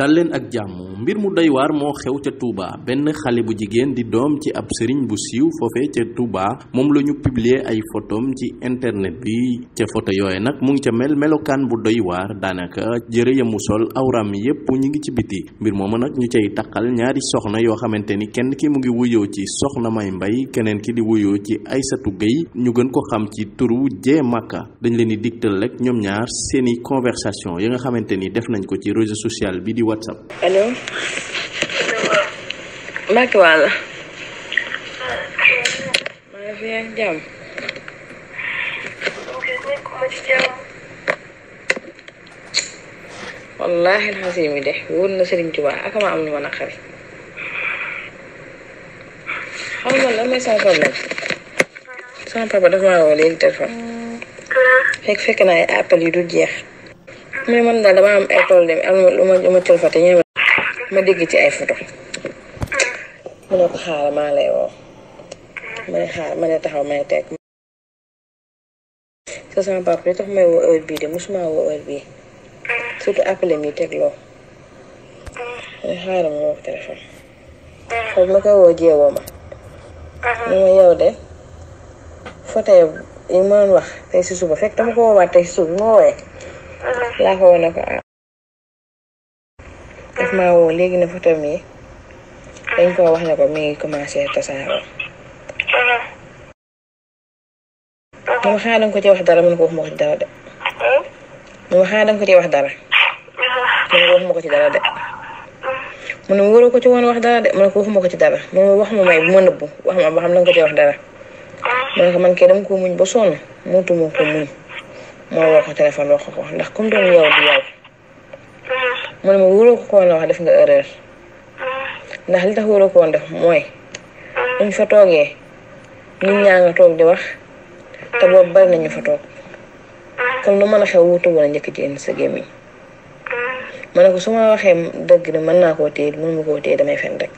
dal leen ak jàmm mbir mu doy moo xew ca Touba benn xale bu jigéen di doom ci ab sëriñ bu siiw foofee ca Touba moom la ñu publier ay photom ci internet bi ca photo yooyu nag mu ngi ca mel melokaan bu doy waar daanaka jëre ya mu sol awram yépp ñu ngi ci biti mbir moo moomu nag ñu cay taqal ñaari soxna yoo xamante ni kenn ki mu ngi wuyoo ci soxna may mbay keneen ki di wuyo ci ay satu Gey ñu gën ko xam ci turu jee màkka dañ leen di digtal rek ñoom ñaar seeni conversation yi nga xamante ni def nañ ko ci réseau social WhatsApp. allo. Macky Wala. maa ngi fi ak jàmm. wallaahi alxasim mi de wóor na Serigne Touba ak ma am lu ma naqari. xam nga lan mooy sama problème. papa dafa maa woo léegi téléphone. fekk fekk naa ay appel yu dul jeex. mu ne man daal dama am ay tool dem am lu ma lu ma tëlfate ñu ma dégg ci ay photo mu ne xaaral maa ma ne xaaral ma ne ma ne teg sa sama papa li tax may de musuma woo ma ne xaaral ma woo téléphone foofu ma koy ma ni ma wax tey si suba fekk dama laa ko woon na ko ah daf maa woo léegi ne photo mi dañ ko wax ne ko mi ngi commencé tasaaroo moom xanaa danga ko ci wax dara mun ko wax ma ko ci wax dara mun ko wax ma ko ci dara de mu ko ci woon wax dara de mu ci dara wax ma may bu ma nëbbu wax ma ba xam danga ko ci wax dara mu ne ko man ko muñ ba sonn mootuma ko muñ ma woo ko téléphone wax ko ndax comme doon yow di yow ah. mu ma wóoroo ko woon wax def nga erreur ah. ndax li tax wóoroo ko woon mooy ah. buñ fa toogee ñun ñaa nga toog di wax te boobu bari nañu fa toog kon lu mën a xew wutu woon njëkk jigéen sa gémmiñ ma ne ko su ma waxee dëgg ne mën naa koo téye mënuma koo téye damay fen rek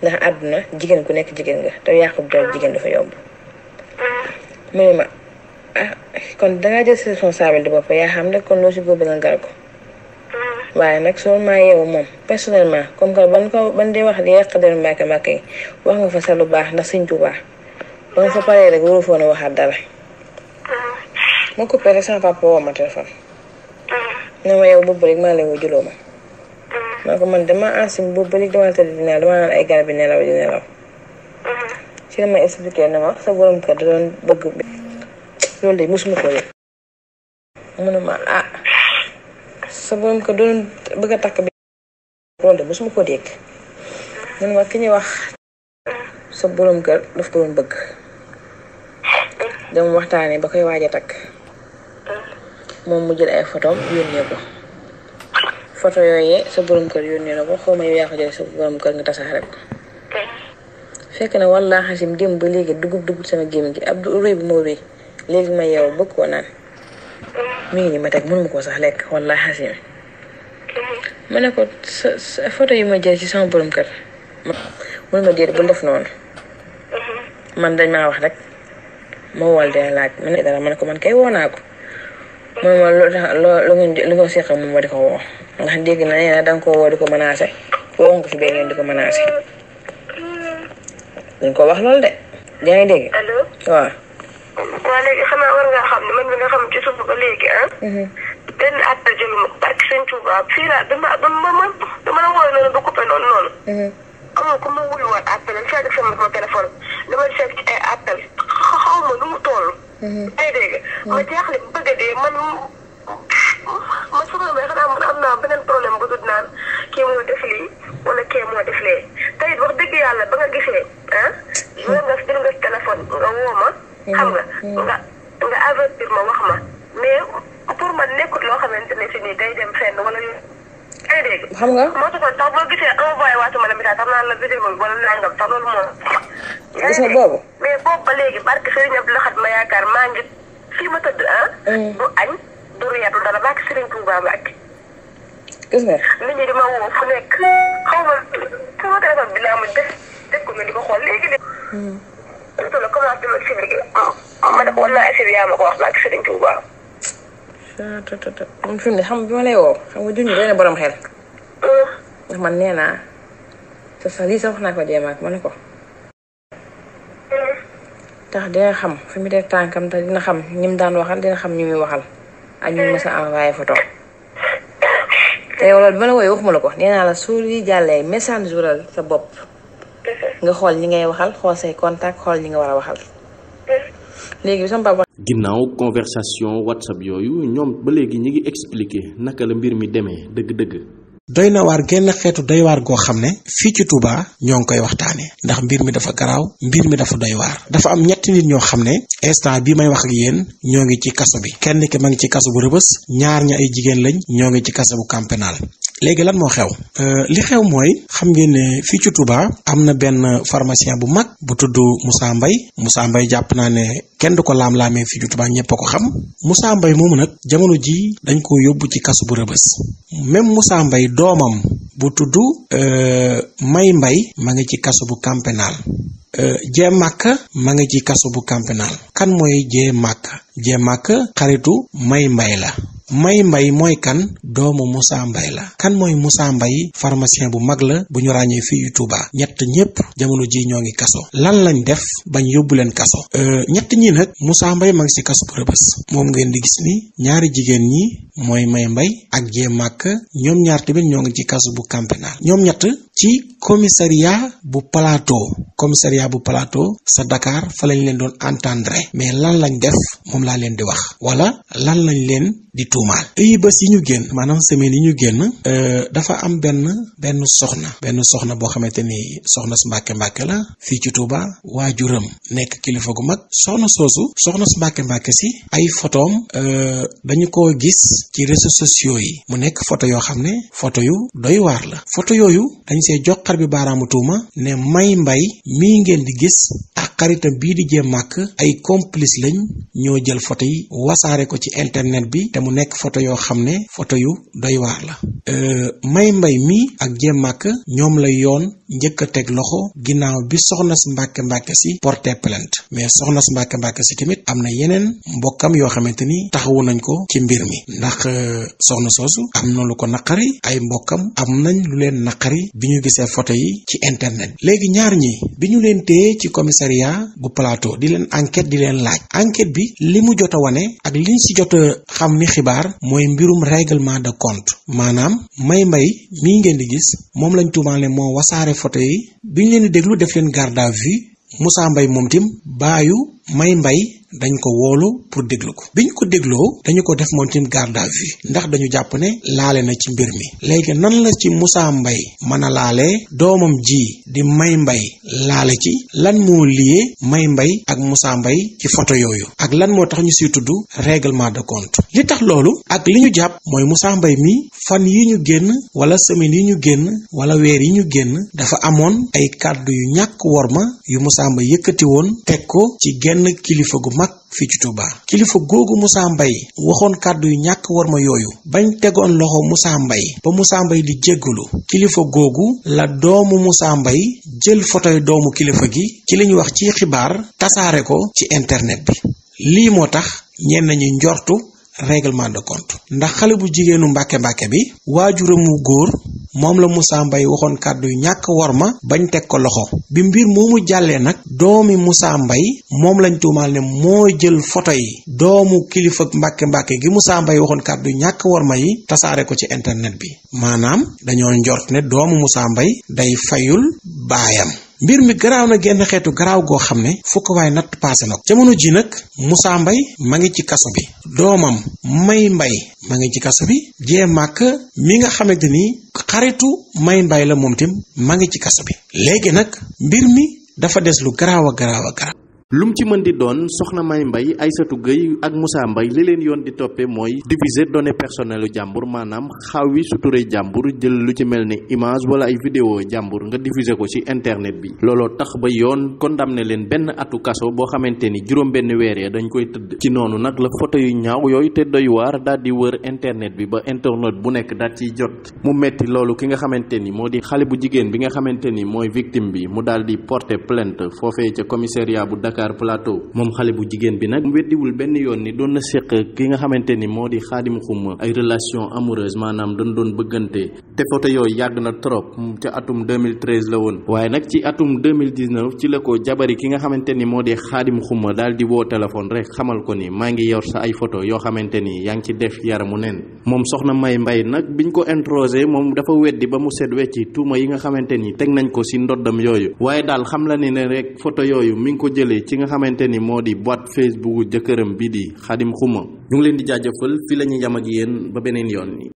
ndax àdduna jigéen ku nekk jigéen nga te yàqu bu jigéen dafa yomb mu kon dangaa jël sa responsabilité bopp yaa xam ne kon loo si góob nga gar ko. Mm. waaye nag soo maa yow moom personnellement comme que ban ko ban dee wax di yàq der mbàkke mbàkke yi wax nga fa sa lu baax ndax sëñ Tuubaa ba nga fa paree rek waru foon a waxaat dara. ma coupé rek sama papa woo ma téléphone. Mm. ne ma yow boobu rek maa lay woo juloo mm. ma. maa ko man dama ansi boobu rek dama tëdd di nelaw dama naan ay garab yi nelaw di nelaw. ci la ma expliqué ne ma sa borom kër da doon bëgg. loolu de mosuma ko yëg mu ah sa borom takk bi loolu ko dégg ki ñuy wax sa borom kër daf ko doon bëgg dama waxtaanee ba koy waaj takk moom mu jël ay photo yónnee ko yooyee sa borom kër yónnee na ko xaw ma yow yaa ko jël sa borom kër nga tasaare ko fekk na wallaahi xasim démb ba léegi dugub dugub sama gémmiñ gi ab ruy bi moo ruy léegi ma yow bëgg koo naan mi ngi nii ma teg mënu ma sax lekk wallahi xasim ma ne ko foto sa yi ma jël ci sama borom kër mënu ma bu def noonu man dañ maa wax rek moo wol dina laaj ma ne dara ma ne ko man kay woo naa ko mooy ma lu tax lu ngeen ko seqal moom ma di ko woo ndax dégg na nee na da nga koo woo di ko menacé woo nga fi ba ngeen di ko menacé dañ ko wax loolu de yaa dégg. allo waaw léegi xanaa war nga xam ne man bi nga xam ci suba ba léegi ah. Mhm. benn appel jëlu ma dama la wooyee noonu ba coupé noonu noonu. Mhm. amul ku ma wuyu woon appel am fekk sama téléphone dama fekk ci ay ma nu mu toll. day mhm. dégg ma jaaxle bu bëgg a dee ma soxla may xanaa am naa beneen problème bu dul naan kii moo def lii wala kii moo def lee te it wax dëgg yàlla ba nga gisee ah. nga nga téléphone nga woo ma. xam nga nga nga avertir ma wax ma mais pour man nekkut loo xamante ne si nii day dem fenn wala yu. day dégg xam nga moo taxoon tax boo gisee envoyé waatuma la message tax naa la vidéo bi wala nangam tax loolu moom. gis boobu. mais boobu ba léegi barke Serigne Abdou Lahad ma yaakaar maa ngi fii ma tëdd ah. Mm. du añ du reer du dara barke Serigne ni Mbacke. gis nga nit ñi di ma woo fu nekk xaw ma sama téléphone bi naa ma def def ko nga ko xool léegi léegi. doon ah, ah, la ma ne ko war ne xam bi ma lay woo xam nga junj benn borom xel. Ah. ndax man nee naa te lii sax wax naa ko jéem ak ne ko. tax dina xam fi mu def tànkam te dina xam ñi mu daan waxal dina xam ñu muy waxal ak ñu mës a envoyé te yow bi ma la wooyee waxuma la ko nee la su lii jàllee message jural sa bopp. nga xool ñi ngay waxal xool say contact xool ñi nga war a waxal. léegi bi sama papa. conversation whatsapp yooyu ñoom ba léegi ñi ngi expliquer naka la mbir mi demee dëgg-dëgg. doy na waar genn xeetu doy waar goo xam ne fii ci Touba ñoo ngi koy waxtaanee ndax mbir mi dafa garaaw mbir mi dafa doy waar dafa am ñetti nit ñoo xam ne instant bi may wax ak yéen ñoo ngi ci kaso bi kenn ki ma ngi ci kaso bu rëbës ñaar ña ay jigéen lañ ñoo ngi ci kaso bu camp pénal léegi lan moo xew euh, li xew mooy xam ngeen ne fii ci tubaa am na benn pharmacien bu mag bu tudd Moussa mbay Moussa mbay jàpp naa ne kenn du ko laam-laamee fii ci Touba ñëpp a ko xam Moussa mbay moomu nag jamono ji dañ ko yóbbu ci kasu bu rëbës même Moussa mbay doomam bu tudd euh, May mbay ma ngi ci kasu bu camp pénal euh, jee màkk ma ngi ci kasu bu camp kan mooy jee màkk jee màkk xaritu May mbay la may mbay mooy kan doomu Moussa mbay la kan mooy Moussa mbay pharmacien bu mag la bu ñu ràññee fii yu ñett ñépp jamono ji ñoo ngi kaso lan lañ def bañ yóbbu leen kaso euh, ñett ñi nag Moussa Mbaye ma ngi ci kas bu rëbës moom ngeen di gis ni ñaari jigéen ñi mooy may mbay ak jee màkk ñoom ñaar tamit ñoo ngi ci kaso bu campenal ñoom ñett ci commissariat bu palaato comme commissariat bu plateau sa Dakar fa lañ leen doon entendre mais lan lañ def moom laa leen di wax wala lan lañ leen di tuumaal ay bés yi ñu génn maanaam semaine yi ñu génn euh, dafa am benn benn soxna benn soxna boo xamante ni soxna su Mbàkke Mbàkke la fii ci Touba waajuram nekk kilifa gu mag soxna soosu soxna su Mbàkke Mbàkke si ay photoom euh, dañu ko gis ci réseaux sociaux yi mu nekk photo yoo xam ne photo yu doy waar la photo yooyu dañ see joxar bi baaraamu tuuma ne may mbay mii ngeen di gis ak xaritam bii di jéem màkk ay complice lañu ñoo jël photo yi wasaare ko ci internet bi te mu nekk photo yoo xam ne photo yu doy waar la euh, may mbay mi ak jéem màkk ñoom lay yoon njëkk a teg loxo ginnaaw bi soxna si mbàkke mbàkke si porté plainte mais soxna si mbàkke mbàkke si tamit am na yeneen mbokkam yoo xamante ni taxawu nañ ko ci mbir mi ndax euh, soxna soosu am na lu ko naqari ay mbokkam am nañ lu leen naqari bi ñu gisee photo yi ci internet léegi ñaar ñi bi ñu leen téye ci commissariat bu palaato di leen enquête di leen laaj enquête bi li mu jot a wane ak li si jot a xam ni xibaar mooy mbirum règlement de compte maanaam may mbay mii ngeen di gis moom lañ tuumaale moo foto yi bi ñu leen déglu def leen garde à vue Moussa mbay moom tim baayu May mbay dañ ko woolu pour déglu ko bi ñu ko dégloo dañu ko def moom tamit garde à vue ndax dañu jàpp ne laale na ci mbir mi léegi nan la ci Moussa mbay mën a laalee doomam ji di May mbay laale ci lan moo lié May mbay ak Moussa mbay ci photo yooyu ak lan moo tax ñu siy tudd réglement de compte li tax loolu ak li ñu jàpp mooy Moussa mbay mi fan yi ñu génn wala semaine yi ñu génn wala weer yi ñu génn dafa amoon ay kàddu yu ñàkk worma yu Moussa Mbaye yëkkati woon teg ko ci genn kilifa gu mag fii ci Touba kilifa googu Moussa mbay waxoon kàddu yu ñàkk war ma yooyu bañ tegoon loxo Moussa mbay ba Moussa Mbaye di jéggalu kilifa googu la doomu Moussa mbay jël fotoy doomu kilifa gi ci li ñu wax ci xibaar tasaare ko ci internet bi lii moo tax ñenn ñi njortu règlement de compte ndax xale bu jigéenu mbàkke mbàkke bi waajuramu góor moom la Moussa mbay waxoon kàddu yu ñàkk war ma bañ teg ko loxo bi mbir moomu jàllee nag doomi Moussa mbay moom lañ tuumaal ne moo jël photo yi doomu kilifa mbàkke mbàkke gi Moussa mbay waxoon kàddu yu ñàkk war ma yi tasaare ko ci internet bi maanaam dañoo njort ne doomu musaa mbay day fayul baayam mbir mi garaaw na genn xeetu garaaw goo xam ne fu waaye natt paase na ko jamono ji nag Moussa mbay ma ngi ci kaso bi doomam May mbay ma ngi ci kaso bi jee màkk mi nga xamante ni xaritu May mbay la moom tim ma ngi ci kaso bi léegi nag mbir mi dafa des lu garaaw a garaaw a garaaw lu mu ci mën di doon soxna May Mbay ay Aysatu Gëy ak Moussa Mbay li leen yoon di toppe mooy diviser données personnelles jàmbur maanaam xaawi suturee jàmbur jël lu ci mel ni image wala ay vidéo jàmbur nga diffuser ko ci internet bi looloo tax ba yoon ne leen benn atu kaso boo xamante ni juróom-benn weer ya dañ koy tëdd ci noonu nag la photo yu ñaaw yooyu te doy waar daal di wër internet bi ba internet bu nekk daal ciy jot mu metti loolu ki nga xamante ni moo di xale bu jigéen bi nga xamante ni mooy victime bi mu daal di porter plainte foofee ca commissariat bu Dakar Dakar Plateau moom xale bu jigéen bi nag weddiwul benn yoon ni doon na séq ki nga xamante ni moo di xaadimu xuma ay relation amoureuse maanaam doon doon bëggante te photo yooyu yàgg na trop ca atum 2013 la woon waaye nag ci atum 2019 ci la ko jabari ki nga xamante ni moo di xaadimu xuma daal di woo téléphone rek xamal ko ni maa ngi yor sa ay photo yoo xamante ni yaa ngi ci def yaramu neen moom soxna May Mbay nag bi biñ ko introsé moom dafa weddi ba mu set wecci tuuma yi nga xamante ni teg nañ ko si ndoddam yooyu waaye daal yooyu mi ngi ko jëlee ci nga xamante ni moo di boîte Facebook jëkkëram bi di Xadim Xuma ñu ngi leen di jaajëfal fi la ñuy yam ak yéen ba beneen yoon yi